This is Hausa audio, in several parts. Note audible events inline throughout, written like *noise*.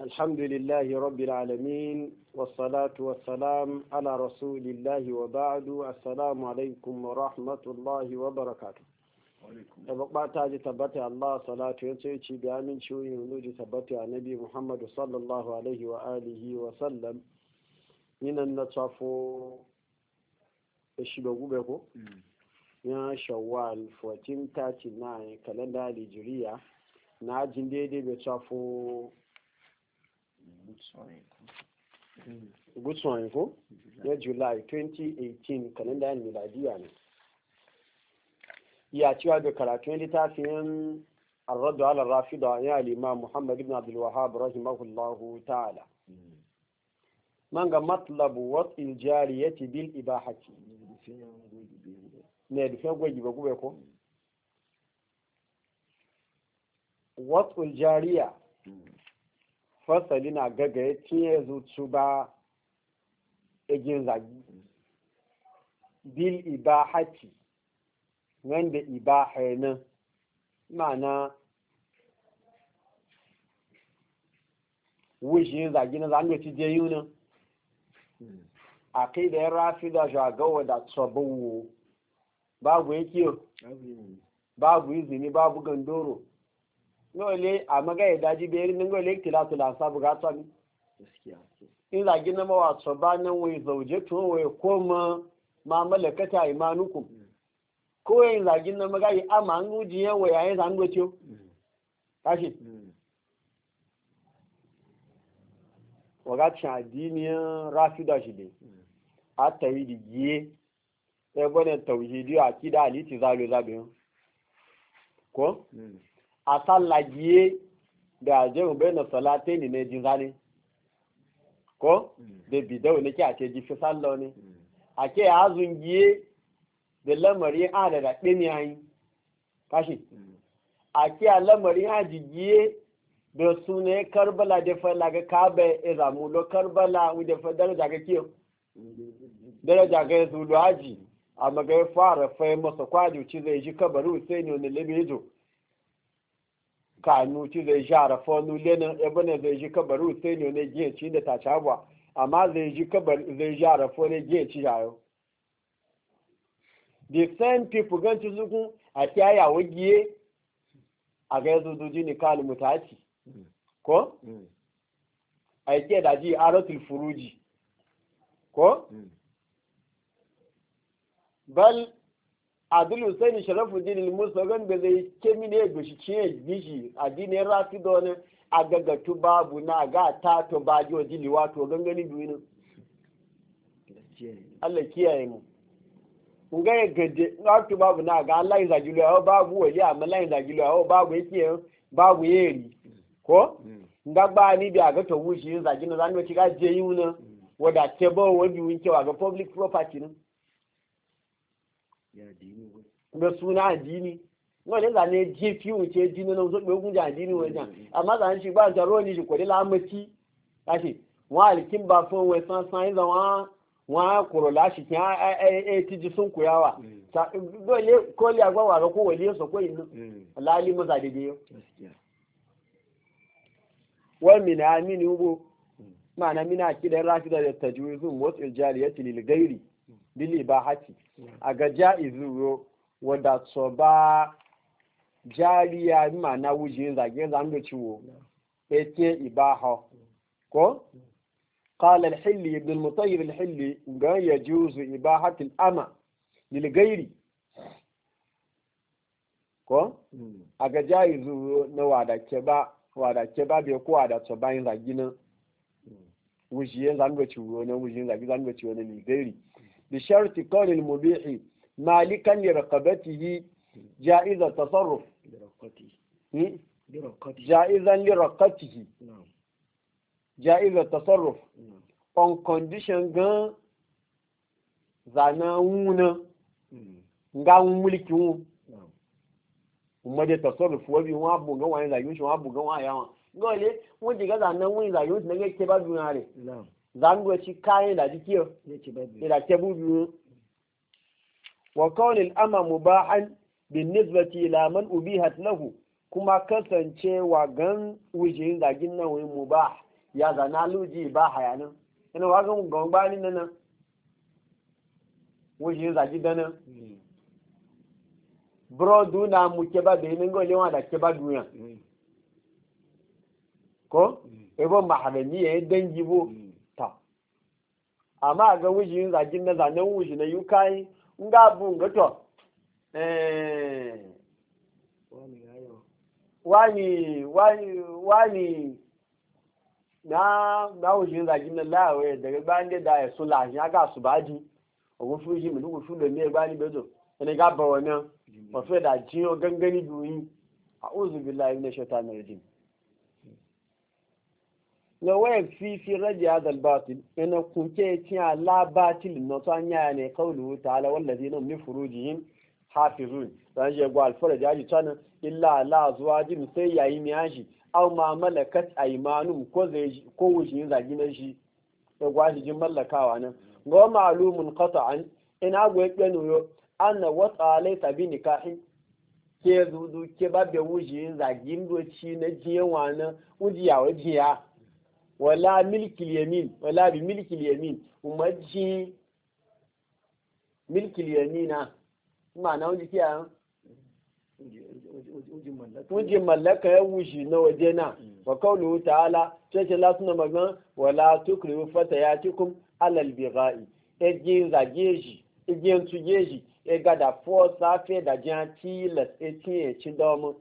Alhamdu لله رب العالمين والصلاة والسلام على رسول الله وبعد السلام عليكم ورحمة الله وبركاته da bukata ji tabbata Allah salatu ya ce ci bi amin ciwoyin huluji tabbata a nabi Muhammadu sallallahu alaihi wa wa sallam yinan na tsafo da shi gube ko mm. ya shawwal 1439 kalenda alijiriya na ajin daidai bai tsafo Bushman Yanko? Na July 2018, ya kalendayen miladiya ne. Ya cewa da karatun littafin Arraddu ala Rafida ya lima Muhammad ibn Abdul Wahab rahimahullahu ta'ala. Hmm. Manga ga matlabu wat iljari ya ti bil ibahati. Ne dufe gwaji ba gube ko? Hmm. Wat iljariya hmm. fasali na gaga ya cinye zuci zagi bil ibahati wanda ibaha nan ma'ana wujin zagina na zanen ci je yi nan hmm. a kai da ya rafi da shagawa da tsabawo babu ba babu izini babu gandoro ngole a magaya daji bayar nan ngole kila tula sabu ga tsami in zagi na mawa ba nan wai zauje to wai koma ma malakata imanukum ko yin zagi na magayi amma an guji yan wai yayin zan goce tashi waga cin addiniyan rafida shi ne a tawi da giye ɗaya bane tauhidi a kida aliti zalo zabe ko Asa sallagiye da jihun bai na salate ne jin zani ko mm. de bidau ne ke ake ji fi sallo ne mm. Ake azun giye da lamari a da daɗe ne hanyi kashi mm. a ke a lamarin a jigiye da suna karbala da fala ga kabe iramu lo karbala da fa daraja ga kiyo daraja ga zulu haji amma ga fara fa masa kwaji ci zai ji kabaru sai ne ne labejo kanu ci zai sha rafa nule nan ebene zai ji kabar usaini ne giya ci da ta cabwa amma zai ji kabar zai ji arafa ne giya ci yayo the same people gan ci zukun a tiyaya wagiye a ga yanzu zuji ne kalu mutaci ko a yi ke da ji aratul furuji ko hmm. bal adil hussein sharafuddin al-musa gan da zai ce mini gushi ciye gishi babu na ga ta to ba ji wa jiliwa gangani biyu Allah kiyaye mu gaje rafi babu na ga Allah ya babu wali amma Allah ya babu babu ko ni bi to wushi na ga mm. wa ga public property ne da suna addini wani zane je fi wuce addini na wuce ɓogun ji addini wajen amma zane shi ba jaro ne shi kwari lamaci kashi wọn alikin ba fún wọn san san yi zama wọn kuro lashi kí a ti ji sun kuyawa dole ko le agba wa ko wali so ko yin lali mu zade de yo wal min amin ubo ma'ana mina kidan rafida da tajwizun wasu iljariyati lil ghairi bil ibahati a ga ja'izuro wadda so ba jariya ma na wuje zage zan ciwo ibaho ko قال الحلي ابن المطيب الحلي قال يجوز إباحة الأمة للغير ko mm. aga jayi zuru na wadace ba wadace ba ko wadace bayan zagi nan mm. wujiyen zangoci wuro na na ligari bi sharti qawlil mubihi malikan li raqabatihi ja'iza tasarruf ja'izan li raqatihi on condition gan zana wuna mm. nga mulki wu umade tasarruf wabi wa bu wani rayuwa wa bu ga wa yawa ngole mun diga zana wuni rayuwa ne ke ba dunare zango ci kayan da jikiyo ila kebu biyu wa kawalin ama mubahan bin nisbati ila man ubihat lahu kuma kasancewa gan wujin zagin nan wani mubah ya zana luji ba hayanin ina wagan gangbani na nan wujin zagi dana hmm. brodu na mu keba da yinin gole wa da ba duniya hmm. ko hmm. ebo mahalani ya dangi bo amma ga wujin zagin na zanen wuji na yi kayi in ga abun gato eh, wani wani na na wujin zagin na lawe daga bayan da da ya so la ya ga su baji ogun yi mu duku fulo ne bani bezo ene ga bawo na fa fe da jiyo gangani duyi a'udhu billahi na shaitanir rajim na wayan fifi rage hadal batil yana kunke cewa la batil na to an yaya ne kaulu ta'ala wallazi nan min furujihim hafizun dan je go alfara jaji tana illa la jin sai yayi mi yashi aw ma malakat aymanum ko zai ko wujin zagi na shi da gwashi jin mallakawa nan go ma'lumun qata'an ina go yake noyo anna wata alaita bi nikahin ke zuzu ke babbe wujin zagin na jiyawa na wujiya wajiya wala milkil yamin wala bi milkil yamin umaji milkil yamina ma'ana wani kiya wujin mallaka ya wuji na waje na mm. wa kaulu ta'ala cece la suna magan wala tukrihu fata ya cikum alal bigai ejin zage shi ejin tuge shi e gada fo safe da jan tilas etin e, e ci domin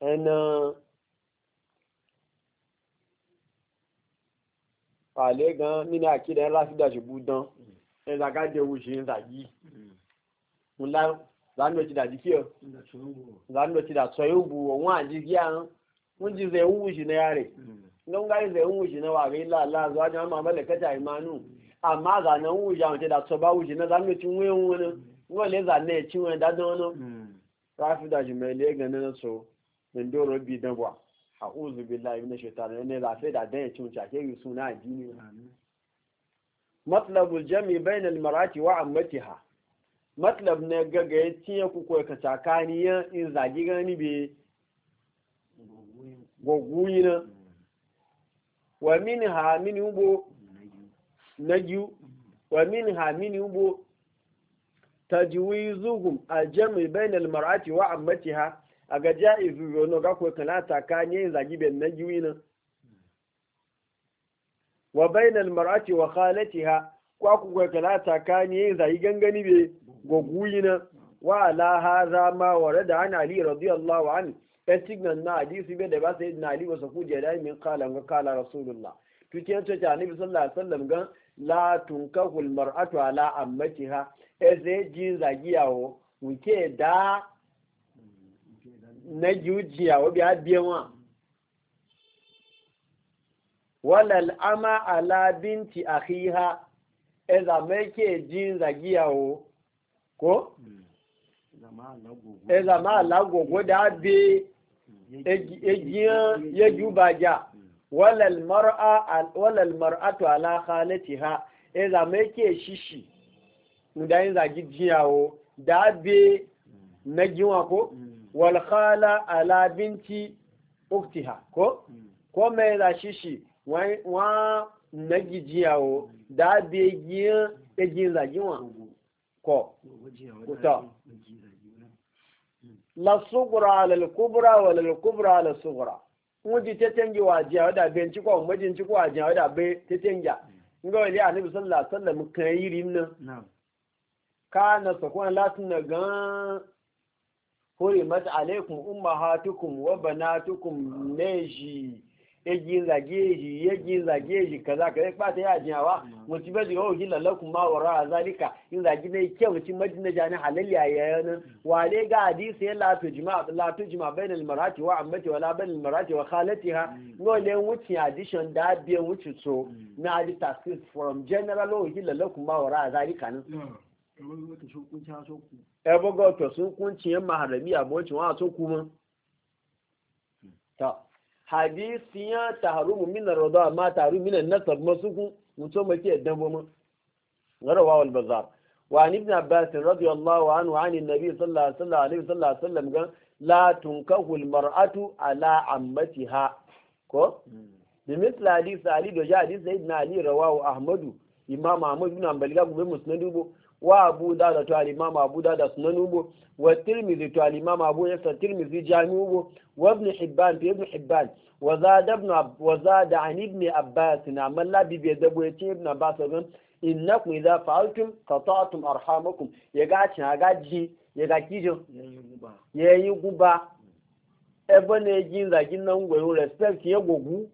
ana mm. fàlẹ́ gan nínú àkídà ńlá sí ìdàṣubú dán ẹ̀rọ àgájẹ owó ṣe ń rà yìí lánàá ti dàjí kí ọ lánàá ti dàtọ̀ yóò bu ọ̀wọ́n àjí kí à ń wọ́n ti ń wù sí náà rẹ̀ ńlọ́n gáyé rẹ̀ ń wù sí náà wà rí láàlá àzọ́ àjọ àmọ́ àmọ́lẹ̀ kẹta ìmánú àmọ́ àzà ń wù sí àwọn ti dàtọ̀ bá wù sí náà lánàá ti wọ́n ń wọn lè zà náà tí wọ́n dáná náà ráfídà jùmọ̀ ilé gan náà sọ ndóró bíi dánwà. a'udhu billahi minash shaitani ne la fe da dan cin ta ke suna addini Matlabu jami bainal mar'ati wa ammatiha matlab na gaga ya tiye ku ko ka tsakani ya in zagi gani be yi na wa min ha min na nagiu wa min ha min ubo tajwizuhum al jami bainal mar'ati wa ammatiha a gajiya izu no ga ko kana ta kanye ne zagi ben na giwi na wa bainal mar'ati wa khalatiha kwa ku ga kana ta kanye ne zagi gangani be goguyi na wa la hadha ma warada an ali radiyallahu an etignan na hadisi be da ba sai na ali wasu ku je da min qala ga qala rasulullah tuke to ta annabi sallallahu alaihi wasallam gan la tunkahul mar'atu ala ammatiha eze jin zagiyawo muke da na jujiya biya abiyanwa walal ama ala binti akhiha eza meke jin zagiyawo ko eza ma alagogo da abe ejiyan ya jubaja walal mara mar'atu ala khalatiha eza meke shishi ndayin zagi jiyawo da abe na giwa ko wal khala ala binti uktiha ko hmm. ko mai da shi shi wa nagijiyawo da be giyan egin zagiwa ko kuta hmm. la sugura ala al kubra wa al kubra ala sugura wuji tetengi wa jiya da ben ci ko majin ci ko a jiya da be tetengi hmm. ngo ile annabi sallallahu alaihi wasallam kan yirin nan kana sokon latin na gan hurimat alaikum ummahatukum wa banatukum meji eji zageji yeji zageji kaza kaza ba ta yaji hawa mutu bai ga wajen lalakum ma wara zalika in zagi ne ke mutu madina jani halal ya yayin wale ga hadisi ya latu jima latu jima bain al marati wa ammati wala bain al marati wa khalatiha ngole wuci addition da biyan wuci so na hadisi from general wajen lalakum ma wara zalika nan ọ̀tọ̀ sún kún tí yẹn maharami wọ́n á tó kú mọ́ hadisi ya tààrù mú mínà rọ̀dọ̀ àmá tààrù mínà nasa mọ́ sókún mú tó mọ́ kí ẹ̀dán bọ́ mọ́ ní sallallahu alaihi sallam ala ko hmm. ali do ja hadith sayyidina ali ahmadu imam ahmad wa abu da da to al abu da da sunan ubo wa tilmizi to al abu ya sa tirmidhi jami ubo wa ibn hibban bi ibn hibban wa zada ibn wa zada an ibn abbas na malla bi bi dabo ya ce ibn abbas gan innakum idha fa'altum qata'tum arhamakum ya ga ci ga ji ya ga jo ya yi guba ebe na jin nzagi nan ngwero respect ya gogu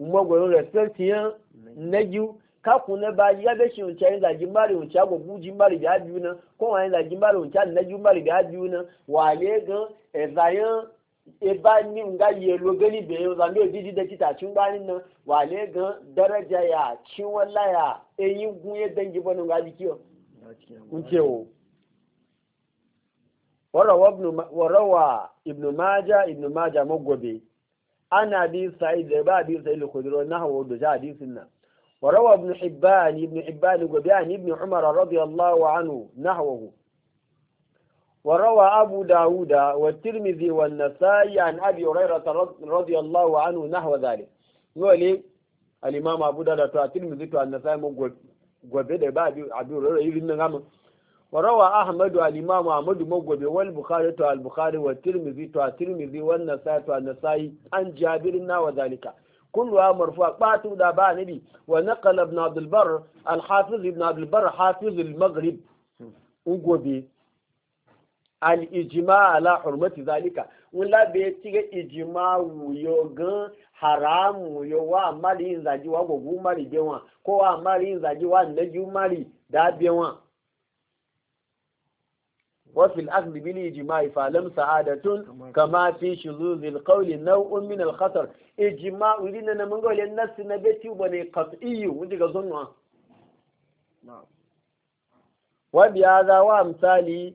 ngwero respect ya negi kaku na ba ya be shi uncha inda jimbari uncha go jimbari bi abiu na ko wa inda jimbari uncha na jimbari bi abiu na wa le e zayan e ba ni nga ye lo gani be yo zan do didi de kita chun ba ni na wa le gan daraja ya chin wala ya e yin gun ye dangi na وروى ابن حبان ابن حبان وبيان ابن عمر رضي الله عنه نحوه وروى أبو داود والترمذي والنسائي عن أبي هريرة رضي الله عنه نحو ذلك يقول الإمام أبو داود والترمذي والنسائي gwabede ba abi rora irin nan amma warawa ahmadu al-imam ahmadu magwabe wal bukhari to al-bukhari wa tirmidhi to nasai nasai an كلها مرفوع باتو دا بانبي ونقل ابن عبد البر الحافظ ابن عبد البر حافظ المغرب وغبي الإجماع على حرمة ذلك ولا بيتي إجماع ويوغن حرام ويوا مالي إنزاجي وغو مالي ديوان كوا مالي إنزاجي وانجي مالي دا بيوان وفي الأخذ بالإجماع فلم سعادة كما في شذوذ القول نوع من الخطر إجماع ولنا من قول الناس نبتي وبني قطعي ودي قصنها وبهذا وأمثالي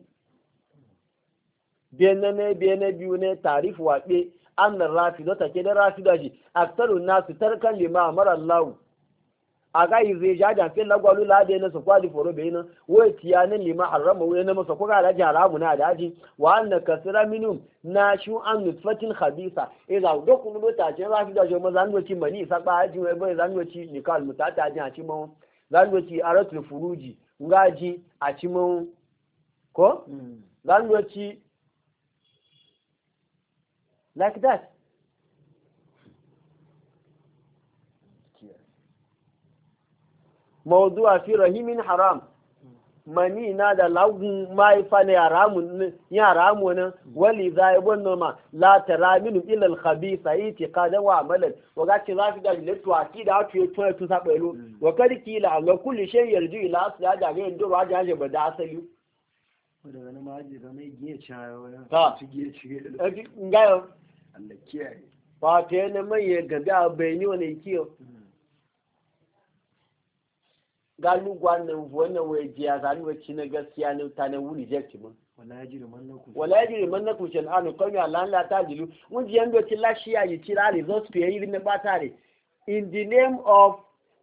بيننا بين بيونا تعريف وقت أن الرافضة كده رافضة أكثر الناس تركا لما أمر الله aga ize jaja fe lagwalu lade na su kwali foro be wo tiya ne lima harama wai na masa kuka da haramu na daji wa anna kasra minum na shu an nutfatin khabisa idza dokun no ta ce za da jo joma zan doci mani sa ba ji wai ba zan doci nikal ta ji a cimon zan doci aratul furuji ngaji a cimon ko hmm. zan doci like that a fi rahimin haram mani na da lagun mahaifa na yara mu wani wali za yi bon noma la tara minu ilal khabi sayi ti kada wa amalan wa ga ki za fi da jilettu a ti da hatu ya tuna tun saba ilo wa kar ki a ga kulli shan yarju ila su da ga yin duro aji aji ba da asali. daga nan ma aji ga mai giye cayo ya ci giye ci ga yau. Allah kiyaye. ba ta yana mai ya gabi a wani kiyo. galu gwanan wannan wai jiya zani wacce na gaskiya ne ta na wuri jekti mun wala yajiri man na kushe na anu kawai ala la ta jilu mun ji yanzu la shiya yi ci rari zo su fiye irin na bata in the name of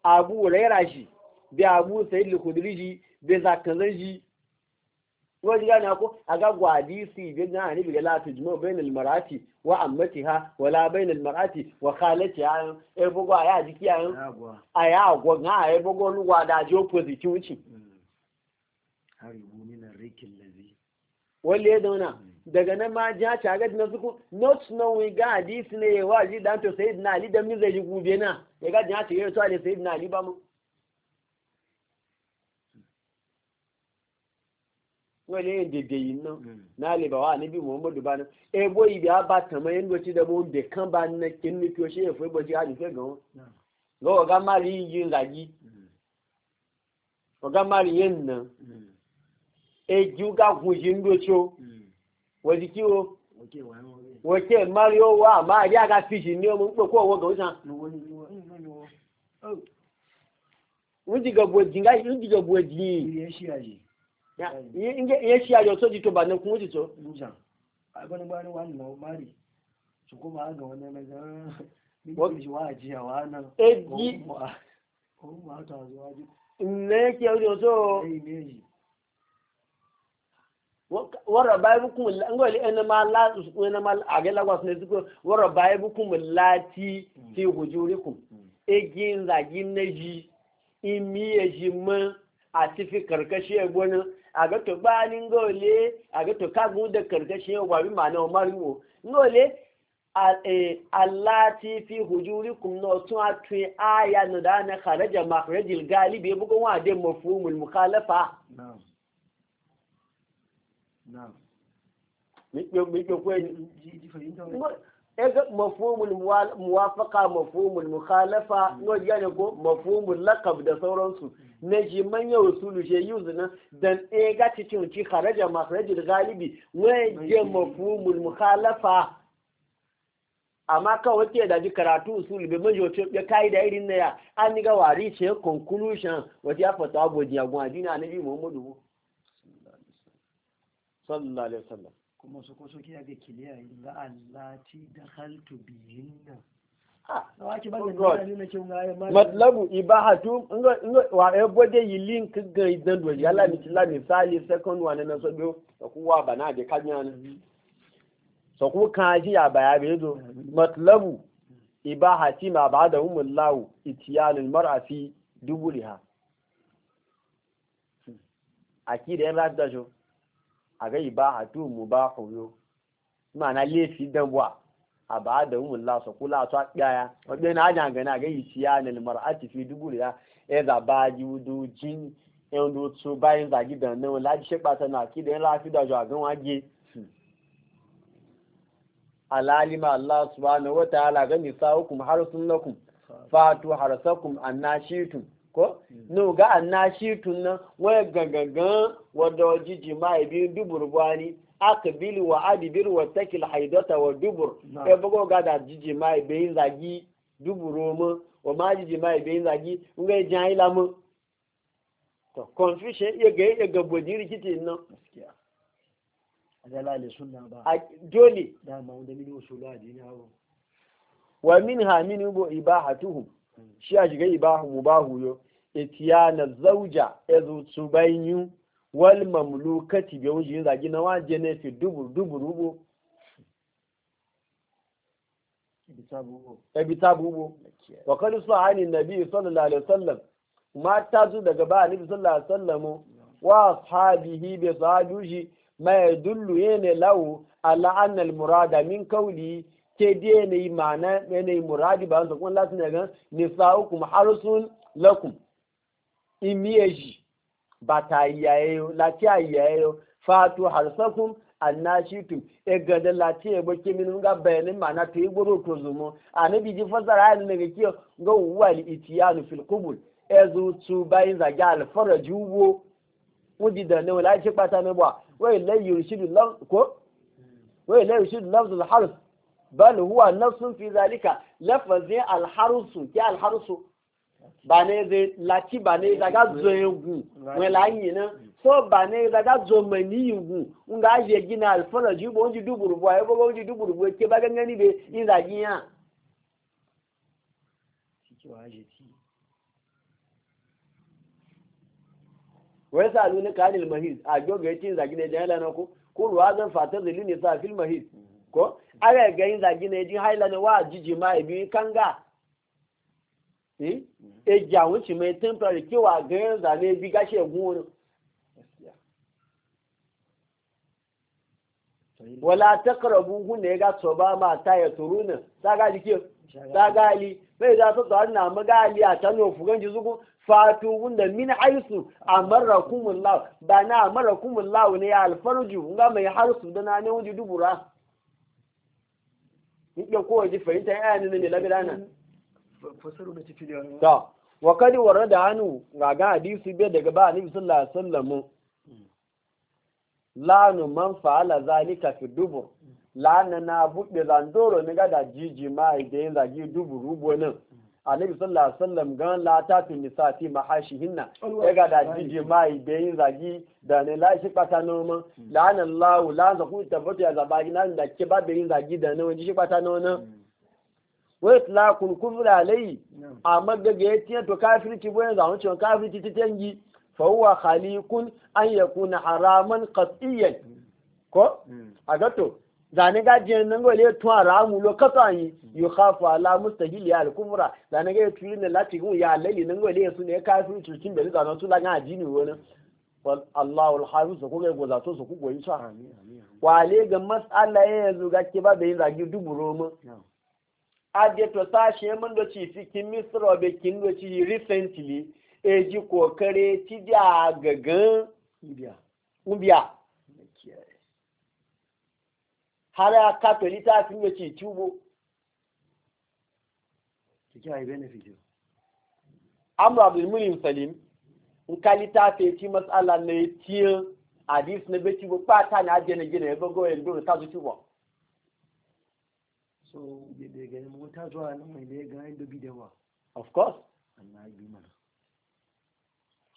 abu rayraji bi abu sayyid al-khudriji bi zakanzan ko ji gane ko a aga gwadi si bi na ni bi la tujmu bainal marati wa ammatiha wala bainal marati wa khalatiha e bugo aya jiki ayan aya agwo e hmm. na e bugo lu wa da jo positive wuci haribu min arrikil ladhi wali ya dauna hmm. daga nan ma ja ta ga na suku not knowing ga hadisi ne wa ji dan to sayyidina ali da min zai ji gube na ya ga ja ta yi to ali sayyidina ali ba mu wani yin daidayi nan mm. na libawa a nabi muhammadu ba nan e boyi biya ba ta mai yin goci da mu da kan ba na kin nufi o shi ya fi goci hajji gan ga waga mari yin zagi waga mm. mari yin nan mm. e ji ga kunshi yin ga fishi ne mun kpe ko yi ìyẹn ṣe ayọ̀ tó di tó bà kun wuce *laughs* eh, ó eh, ti tó. agbanigbani wa nà ó mari ṣùkú máa gan wọn nẹ́mẹ́ gan níbi ìṣòwò àjíyàwó náà òun máa tọ̀ àjọwájú. ǹlẹ́ kí ọjọ́ tó. wara bayan kuma ngoli enema la enema was ne zuko wara lati ti hujurikum egin zagin neji imi a karkashi egbonin a to ba ni ngole a ga to kagu da karkashin wa bi ma na wo ngole e, allati fi hujurikum no tun atwe aya no da na kharaja makhrajil galibi bu bugun wa de mafhumul mukhalafa na'am na'am mi mi ko ga mafhumul muwafaqa mafhumul mukhalafa mm. no yana ko mafhumul laqab da sauransu na ji manyan rasulu je yuzu nan dan ɗaya e ga cikin ki kharaja makharajul galibi wa je mafhumul mukhalafa amma kawai ke da karatu usulu bai manjo ce ya kai da irin na ya an ga wari ce conclusion wata ya fata abodi agun adina annabi muhammadu sallallahu alaihi wasallam kuma su ko su Ah, oh matlabu ibahatu wa ebo de yi link gan idan do yala mi la misali second one na so do ku wa bana de kanyan so ku kan ji ya baya be do matlabu ibahati ma ba da umul lawu itiyanul mar'afi dubuliha akida yan rada jo aga ibahatu mubahu yo mana lefi dan wa a ba da umun lasa kula su ɗaya wadda na ajan gani a gayi ciya na limar a tafi dubu da ya zaba ji wudu jin yan dutu bayan zagi da nan laji shekpa ta na ki da yan lafi da zuwa gan wage alalima allah subhanahu wa ta'ala ga nisa hukum harsun lakum fatu harsakum annashitum ko hmm. no ga annashitun na waya gangan wadda wajiji ma ibi duburbani aqbil wa adbir wa takil haidata wa dubur e bogo gada jiji mai be yin zagi duburo mu wa ma jiji mai be yin zagi ngai jan ila mu to confusion ye ge ye ga bodin rikiti nan gaskiya azala le sunna ba a dole da ma wanda mini usulu adini hawo wa minha min bu ibahatuhu hmm. shi a shiga ibahu mubahu yo itiyana zauja ezu subainyu wal kati bi wujin zagi na waje ne fi dubu dubu rubo ebi tabubo wa kadu su ani nabi sallallahu alaihi wasallam ma ta zu daga ba nabi sallallahu alaihi wasallam wa ashabihi bi sahabuji ma yadullu yana lahu ala anna al murada min qawli ke dai ne imana ne muradi ba su kun latin daga nisaukum harsun lakum imiyeji bata yayayo lafiya yayayo fatu harsakum annashitum e gada lafiya ba ke min ga bayani mana to yi goro to zumo bi ji fasara ayin daga kiyo ga wali itiyanu fil qubul e zu tu bayin za ga al farajuwo wudi da ne wala ce pata ne ba wai la yurshidu lam ko wai la yurshidu lafzul harf bal huwa nafsun fi zalika lafazin al harsu ya al harsu ba ne zai lati ba ne daga zo yegu wani layi na so ba ne daga zo mani yegu in ga ajiye gina alfara ji ba wani dubu rubu a yabo wani dubu rubu e ke ba gangani be in zagi ya wai sa luna kanil mahiz a gyoga ya ce zagi ne jahila na ko ko ruwa zan fata zilu ne sa fil mahiz mm-hmm. ko aga ga in za gina ji haila ne wa jiji ma ibi e kanga ejì àwọn tí mẹ́ temporary kí wà gẹ́rẹ́ ní ibi gáṣẹ́ ẹ̀gún orin wọ́n la tẹ́kọ̀rọ̀ búhún ní ẹgá sọ̀bá máa táyẹ̀ tòrú náà ságáàlì kí ságáàlì mẹ́rin àtàlù òfúgán àìsù bá ní ní harsu da na níwọ̀n dubura. Ní fasaru da cikin yawon ta wa da hannu ga ga hadisi bai daga ba annabi sallallahu alaihi wasallam lanu man fa'ala zalika fi dubu. lana na buɗe zandoro ni ga da jiji ma da yin zagi dubu rubo nan annabi sallallahu alaihi wasallam gan la ta ma nisati hinna ya ga da jiji ma da yin zagi da ne la shi kwata noma lana allah la za tabbata ya zaba gina da ke ba da yin zagi da ne wani shi kwata noma wai kun kufr alayhi a daga ya tiyan to kafirci boye ga wancan kafirci ta tengi fa huwa an an kuna haraman katsiyan ko mm. a gato zane gajiyar nan gole to haramu lo kasa yi hafa ala mustahili ya kufra zane ga turi na lati gun ya laili nan gole su ne kafirci cikin da zan su lagan a jini wani wal Allahu al hafiz ko ga goza su ku goyi sa wale ga mas'ala yanzu ga ke ba da yin zagi duburo mu aje to sashe mun da ci cikin misra be kin da ci recently e ji kokare ti da gagan ubiya ubiya har ya kato lita sun da ci tubo kike ai benefit amru abdul mulim salim in ka litafe ci matsala ne tiyan hadis na beci bu kwata na ajiye na gina ya bago yanzu da ta zuci ba so da ganin mota zuwa nan mai ne ga inda da wa of course Allah bi mana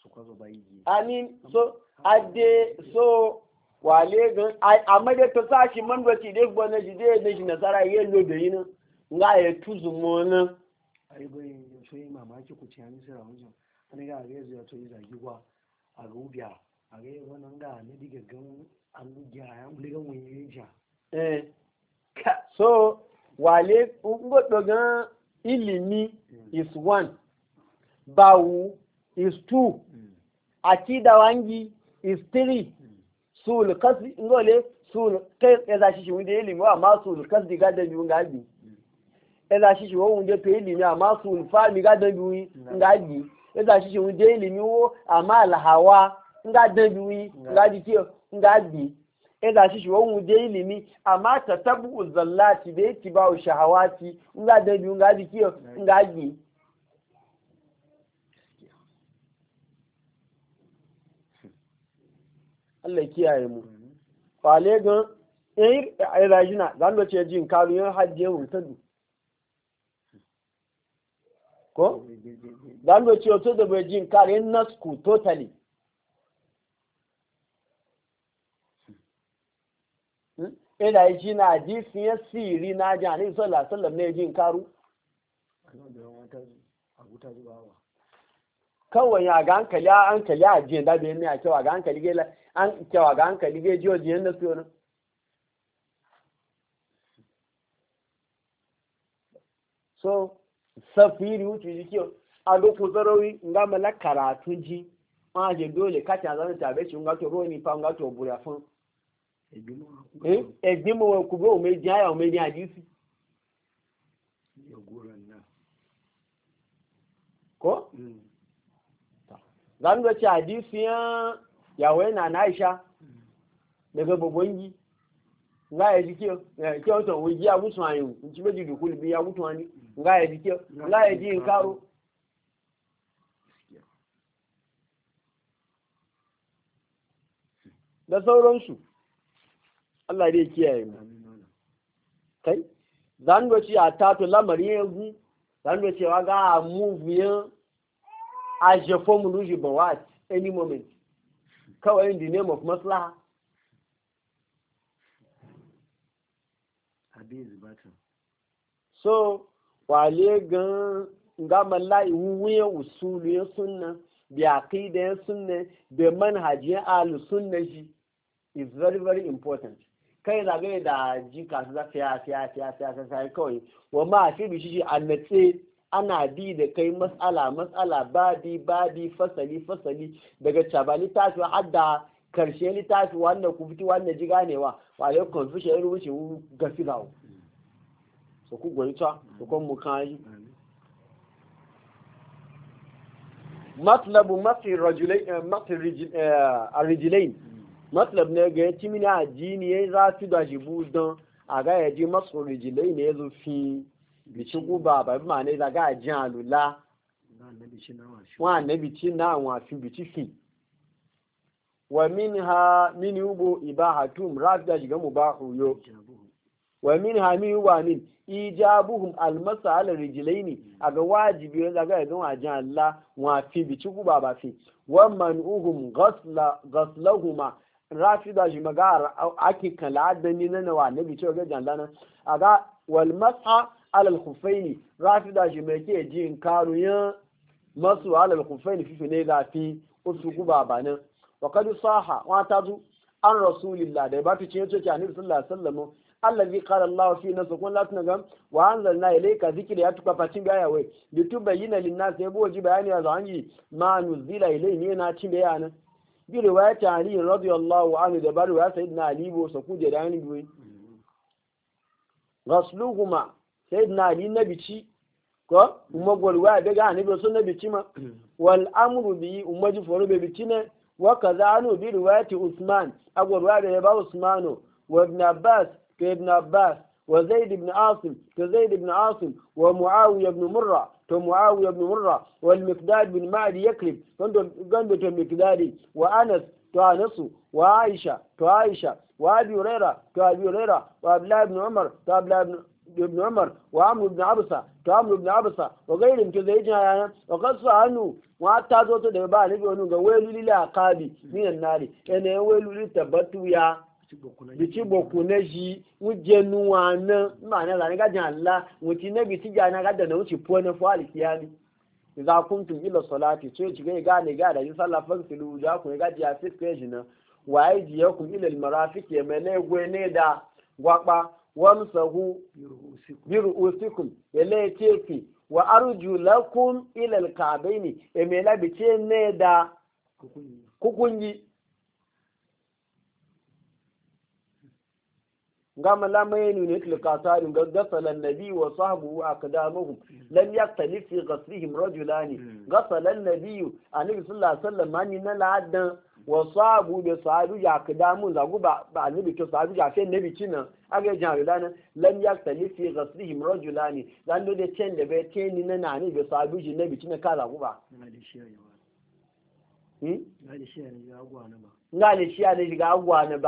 so kwazo bai yi amin so ade so wale gan amma da to sashi man da ci dai ji nasara yayin lo da yin nga ya tuzu mo mamaki ku zuwa to zagi a rubiya ga ya ja eh, so wale ngodo gan ilimi is one bawu is two akida wangi is three sul kasi ngole sul kai eza shi wunde ilimi wa ma sul kasi ga da biyu ga bi eza shi shi wunde pe ilimi amma sul fa mi ga da biyu ga bi eza shi shi wunde ilimi wo amma alhawa ga da biyu ga di ki ga bi e da shi shiwa mu dai ilimi amma ta tabu zallati da yake ba shahawati in mm-hmm. ga da biyu ga jiki in ga fale gan eh, eh, eh ce jin karu eh, ko mm-hmm. zan ce to da bai jin nasku totally ina ji na ji fiye siri na ji hannun sallah ne jin karu kawai ya ga hankali a hankali a jiyan da a miya cewa ga hankali ga an cewa ga hankali ga jiyo jiyan da fiye so safiri wuce jiki a duk zarawi nga mala karatun ji ma je dole kacha roni nga to ẹ̀gbìn mọ̀ wọn kò bí òun méjì ara òun méjì àdísì. kọ́ hmm. zanúbẹ̀tì àdísì yẹn yàwó ẹ̀ nàá náìṣá gbogbo ń yí nga yẹ di kí ọ kí ọ sàn wò yí awùsùn méjì dùkú níbi awùsùn àní nga yẹ di kí ọ nga yẹ di nkárò. da sauransu Allah zai kiyaye mu kai zan da ci a tato lamari yanzu zan da cewa ga move yan a je formulu nuji ba wa any moment kawai in the name of maslaha so wale gan ga mallai wuyan usulu ya sunna bi aqida ya sunna bi manhaji ya ahlus sunna shi is very very important kai zagaye da ji kasu za fiya fiya fiya fiya fiya kawai wa ma a bi shi a natse ana bi da kai matsala matsala babi babi fasali fasali daga cabani tashi hadda karshe littafi wannan ku fiti wannan ji ganewa wa yau confucian ya rubuce ga filawo so ku goyi ta ku kon mu kai matlabu mafi eh, mafi eh, matlab ne ga yaci mini addini ya za fi da shi budan a ga yaji masu rijilai ne ya zo fi bici guba ba bi ma ne za ga ajin alula wa na bici na wa fi bici fi wa min ha mini ubo ibahatum rafi da shiga mu ba huyo wa min ha mini ubo amin ijabuhum almasa ala aga wajibi yanzu aga yanzu wajen Allah wa fi bici guba ba fi wa man'uhum ghaslahuma rafida shi maga ake kala dani na nawa na bi cewa gajan lana a ga wal mas'a alal khufaini rafida shi mai ke jin ya masu alal khufaini fifi ne zafi usu guba banan wa kadu saha wa ta zu an rasulillah da ba ta ce yace ki annabi sallallahu alaihi wasallam allazi qala allah fi nafsi kun la tunaga wa anzalna ilayka dhikra ya tuka fatin bi ayawai litubayyana lin-nas yabo ji bayani a zanji ma nuzila ilayni na cin bayana bi riwayati ali radiyallahu anhu da bari wa sayyidina ali bo sa ku je da ni biwe gasluhuma sayyidina ali na bici ko umma golwa daga annabi sun na bici ma wal amru bi umma ji foro be bici ne wa kaza anu bi riwayati usman agorwa da ba usmanu wa ibn abbas ka ibn abbas وزيد ka عاصم كزيد بن wa ومعاوية بن مرة to muawiya bin murra wal miqdad bin ma'di yakrib gando gando to miqdadi wa anas to anasu wa aisha to aisha wa abi huraira to abi huraira wa abdullah bin umar to abdullah bin ابن عمر وعمر بن عبسة وعمر بن عبسة وغيرهم كذا يجي يعني وقد سألوا وحتى زوجته ده بقى نبي ونقول ويل للعقاب من النار أنا ويل للتبتو يا bici boku na shi wuje nuwa na ma na zane gajin Allah wuci na bici ja na gada na wuce po na fali kiyani za kuntum ila salati sai ci gai gane ga da yin sallah fa silu ja ku ga ja fit kai jina waye ji ya ku ila almarafiq ya mele gwe ne da gwapa wan sahu bi ru'usikum ce teki wa arju lakum ila alka'baini e mele bice ne da kukunji gama lamaye ne tilkasa in gasala nabi wa sahbu aqdamuhum lam yaktalif fi ghaslihim rajulani hmm. gasala nabi annabi sallallahu alaihi wasallam mani na ladan wa sahbu bi sahbu ya aqdamu la guba ba annabi to sahbu ya fe nabi cinan aga jan rulana lam yaktalif fi rajulani dan do de chen de be chen ni na na ni sahbu ji nabi kala ba hmm?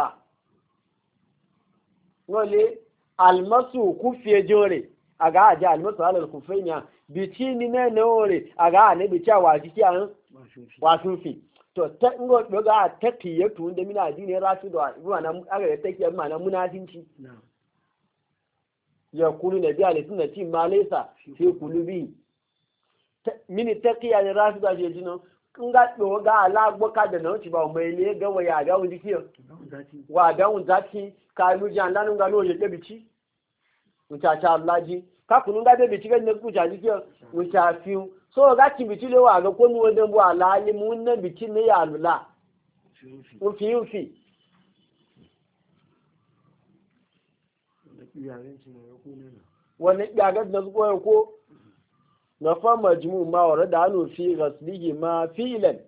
wale almasu kufiye jore a ga aji almasu ala kufenya bici ni ne na aga a ga ne bici a wasu kiyan wasu fi to ta ngo doga a taki rasu da ruwa na aga ya taki ya mana munafinci ya kulu na biya da suna ci malaisa kulu mini taki ya da je jino nga ala gboka da na ba mai ne ga waya ga wa kalu jan lanu ga no je ke bici nta cha laji ka kunu ga de ga ne ku cha ji ke mu fiu so ga ti bici le wa ga ko mu wadan bu ala ni mu ne bici ne ya lula mu fi u fi wani gagar da zuwa ko na fama jimu ma wa rada hannu fi gaslihi ma filin.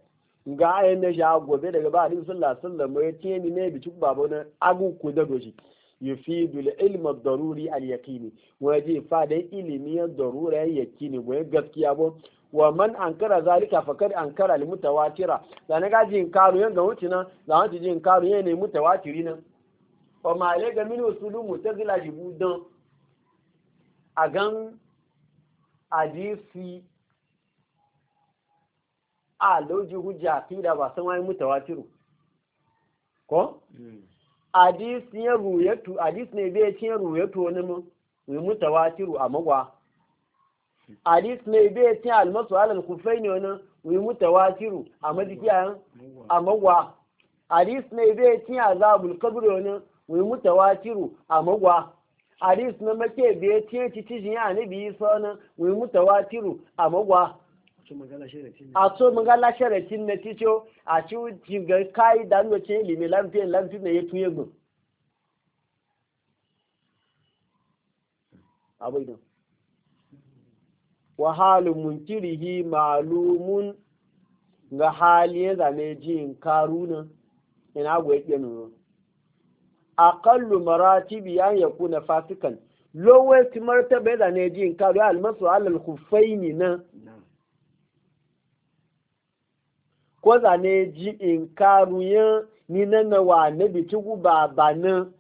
ga ayan na ja gobe daga ba hadin sallallahu alaihi wasallam ya ce ni ne bici babo na agu ku da doji yufidu al-ilm ad-daruri al-yaqini waje fa da ilimi ya darura al-yaqini wa gaskiya bo wa man ankara zalika fakad ankara al-mutawatira da na gaji in karu yan ga wuce nan da ji jin karu yan ne mutawatiri nan wa ma le ga min usulu mutazila jibudan agan adisi a lauji hujja aqida ba san wani mutawatiru ko hadis ne ruyatu hadis ne bai ce ruyatu ne mu mutawatiru a magwa hadis ne bai ce almasu alal ne wani mutawa mutawatiru a madikiyan a magwa hadis ne bai ce azabul qabr wani wi mutawatiru a magwa hadis na make bai ce ci ci ya ne bi sona mutawa mutawatiru a magwa a so mun ga lashara tin na ticho a ci ga kai da no ce limi lamfi lamfi ne ya yego gun abai don wa halin munkirihi malumun ga hali ya zame jin karuna ina go yake no aqallu maratibi an yakuna fasikan lowest martaba ya ne jin karu almasu alal khufaini na ko zane ji in karuyan ni na na wa na biti guba ba nan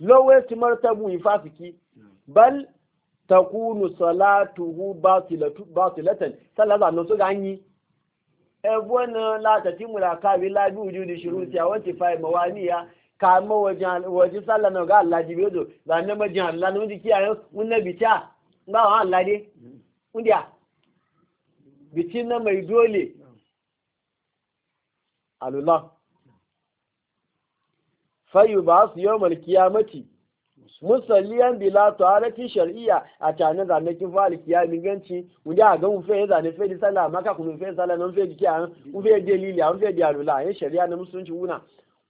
lowest martabu ifafiki bal takunu salatuhu batilatan sallah za nan so ganyi ebuwa na latati mulakabi labi wujudi shuruti a wace fa'i mawaniya kama waje sallah na ga Allah jibe ozo ba na majin Allah na kiyaye kiyayen wunna bita ba wa Allah dai wundiya mm. bitin na mai dole alula fayu ba su yau malkiyamati musalliyan bila tuharati shari'a a tanin zanakin fa alkiyami ganci wuje a gan ufe zane fe di sallah maka kunu fe sallah nan fe jiki a ufe dalili a fe di alula yin shari'a na musulunci wuna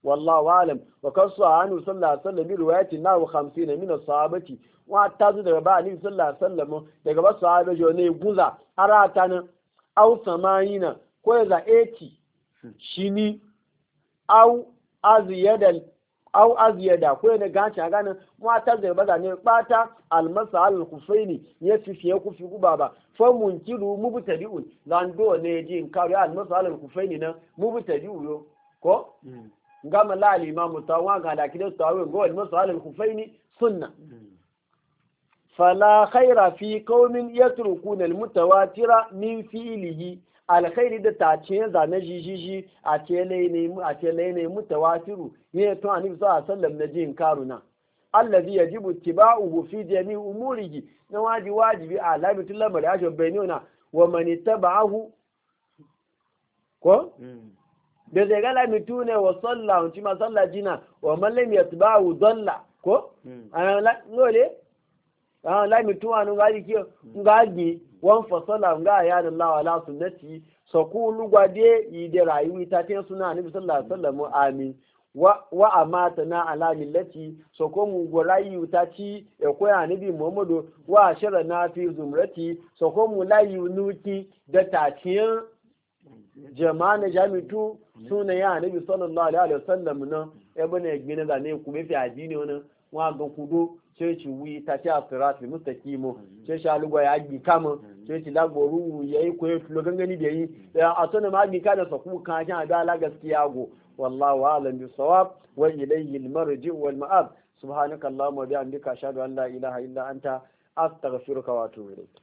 wa alam wa kasu anu sallallahu alaihi wasallam bi riwayati na wa na min sahabati wa zu daga ba ni sallallahu alaihi mu daga ba sahabe jo ne guza a tanin ausa mayina ko ya za shini au aziyadal au aziyada ko ne gaci a ganin mata zai baza ne bata almasa al-kufaini ya fi fiye ku fi guba ba fa munkiru mubtadi'un nan do ne ji in ya almasa al-kufaini na mubtadi'u yo ko mm. ngama lali ma imam tawa ga da kidan tawa go almasa al-kufaini sunna mm. fala khaira fi qaumin yatrukuna al-mutawatira min fi'lihi alkhairi da ta ce zane jijiji a ce laine a ce laine mutawatiru ne to annabi sallallahu alaihi wasallam na jin karuna allazi yajibu ittiba'uhu fi jami umurihi na waji wajibi a labitul lamari a shabbai ne wa man ittaba'ahu ko da mm. zai gala mitu ne wa sallah unci ma sallah jina wa man lam yatba'u dalla ko mm. an la ngole ah la mi tuwa no ga ki ga gi wan fasala ga ya da lawa la sunnati so ku gwade yi da rayuwa ta te suna ni sallallahu alaihi wasallam amin wa wa amata na ala millati so ko mu gorayi ta ci e ko ya nabi muhammadu wa shara na fi zumrati so ko mu layu nuki da tatiyan jama'a na jami'tu suna ya nabi sallallahu alaihi wasallam nan e bane gbe na zane ku be fi adini wannan wa ga kudo ceci wi ta ta sirat mustaqimu mm-hmm. church alugo ya gi kama mm-hmm. lagboru ya yi koyo tulo gangani da yi mm-hmm. eh, a tona ma gi kada sa kuma kan a da ala gaskiya go wallahu a'lam sawab wa ilayhi almarji wal ma'ab subhanakallahumma wa bihamdika ashhadu an la ilaha illa anta astaghfiruka wa atubu ilayk